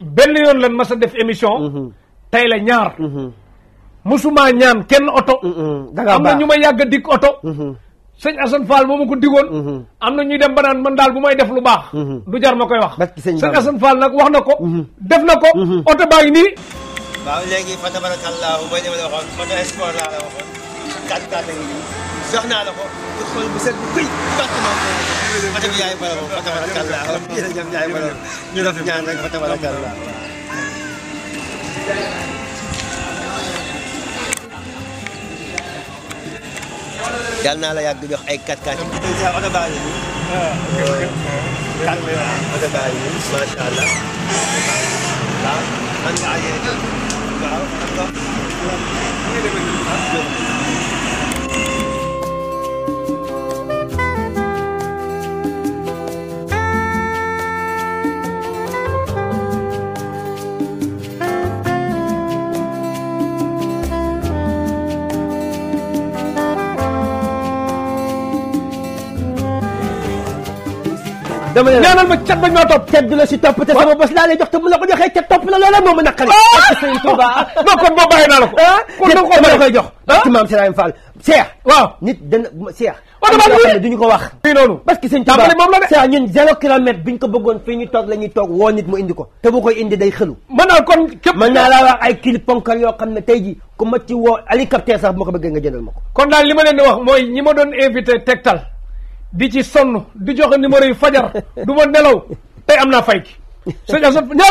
benn yoon lan mas a def émission. Mhm. tey la ñaar. Mhm. musuma ñaan kenn oto. Mhm. am na ñu may yàgg a dikk oto. sëñ Assane Fall moo ma ko digoon. am na ñuy dem ba naan man daal bu may def lu baax. du jar ma koy wax. sëñ Assane Fall nag wax na ko. def na ko. oto baa nii. ba ñu waxoon oto sport kaat kaat ak yi jox naa la ko di xool bu set bu bëri département bi. Fatou Ndiaye Balawo Fatou Barakallah jërëjëf Ndiaye Balawo ñu rafet ñaan rek Fatou Barakallah. yàlla naa la yàgg jox ay kaat kaat yi. dèjà oto baa ngi nii. kaat oto baa ngi nii macha allah. waaw man nga àggee waaw. dama ne ñaanal ma cat bañ maa topp. cat du la topp te sama bos laa lay jox te bu la ko joxee cat topp la loola moom ma naqari. ak ah! sëñ Touba non kon boo bàyyi naa la ko. Ah, kon dama ko ah? ko wax. fii noonu parce que sëñ Touba moom la de. Cheikh ñun zéro kilomètre ko ñu toog la ñuy toog woo nit mu indi ko. te bu koy indi day xëlu. mën naa kon képp yoo xam ne tey ji ku ma ci woo hélicoptère nga jëndal ma ko. kon daal li ma leen di wax mooy ñi ma doon invité Tektal di ci sonn di joxe numéro yi fajar du ma nelaw tey am naa fay ki sëñ Assane